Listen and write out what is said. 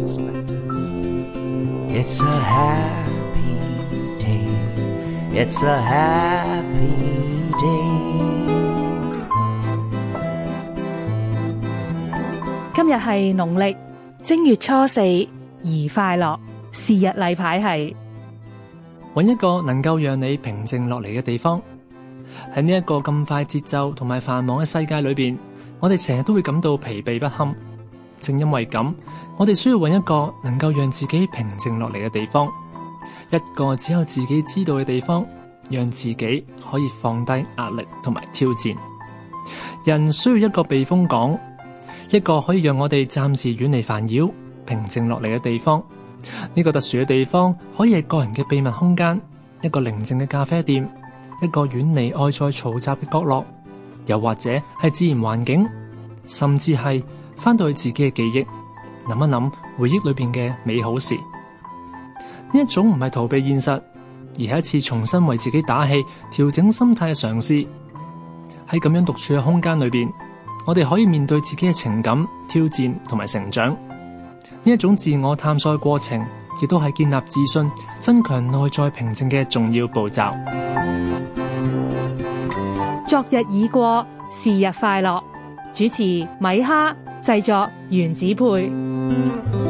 It's a happy day. It's a happy day. 今日係農曆正月初四，而快樂是日例牌係，搵一個能夠讓你平靜落嚟嘅地方。喺呢一個咁快節奏同埋繁忙嘅世界裏邊，我哋成日都會感到疲憊不堪。正因為咁，我哋需要揾一個能夠讓自己平靜落嚟嘅地方，一個只有自己知道嘅地方，讓自己可以放低壓力同埋挑戰。人需要一個避風港，一個可以讓我哋暫時遠離煩擾、平靜落嚟嘅地方。呢個特殊嘅地方可以係個人嘅秘密空間，一個寧靜嘅咖啡店，一個遠離外在嘈雜嘅角落，又或者係自然環境，甚至係。翻到去自己嘅記憶，諗一諗回憶裏邊嘅美好事。呢一種唔係逃避現實，而係一次重新為自己打氣、調整心態嘅嘗試。喺咁樣獨處嘅空間裏邊，我哋可以面對自己嘅情感、挑戰同埋成長。呢一種自我探索嘅過程，亦都係建立自信、增強內在平靜嘅重要步驟。昨日已過，是日快樂。主持米哈。製作原子配，嗯。